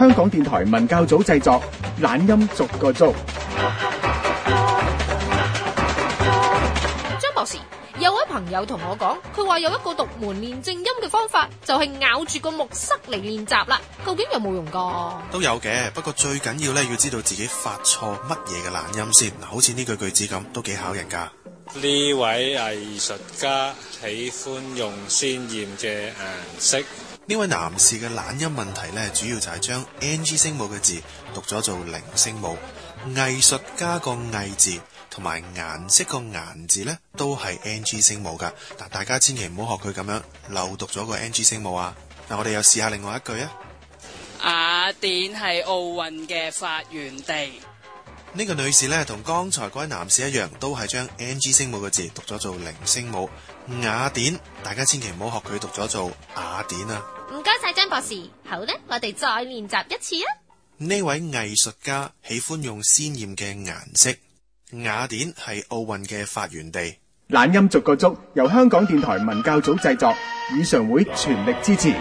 香港電台文教組製作，懶音逐個捉。張博士，有位朋友同我講，佢話有一個獨門練正音嘅方法，就係、是、咬住個木塞嚟練習啦。究竟有冇用㗎？都有嘅，不過最緊要咧，要知道自己發錯乜嘢嘅懶音先。嗱，好似呢句句子咁，都幾考人㗎。呢位藝術家喜歡用鮮艷嘅顏色。呢位男士嘅懶音問題呢，主要就係將 ng 聲母嘅字讀咗做零聲母。藝術家個藝字同埋顏色個顏字呢，都係 ng 聲母噶。嗱，大家千祈唔好學佢咁樣漏讀咗個 ng 聲母啊！嗱，我哋又試下另外一句啊。雅典係奧運嘅發源地。呢個女士呢，同剛才嗰位男士一樣，都係將 ng 聲母個字讀咗做零聲母，雅典。大家千祈唔好學佢讀咗做雅典啊！唔該晒，張博士。好呢，我哋再練習一次啊！呢位藝術家喜歡用鮮艷嘅顏色。雅典係奧運嘅發源地。懶音逐個捉，由香港電台文教組製作，語常會全力支持。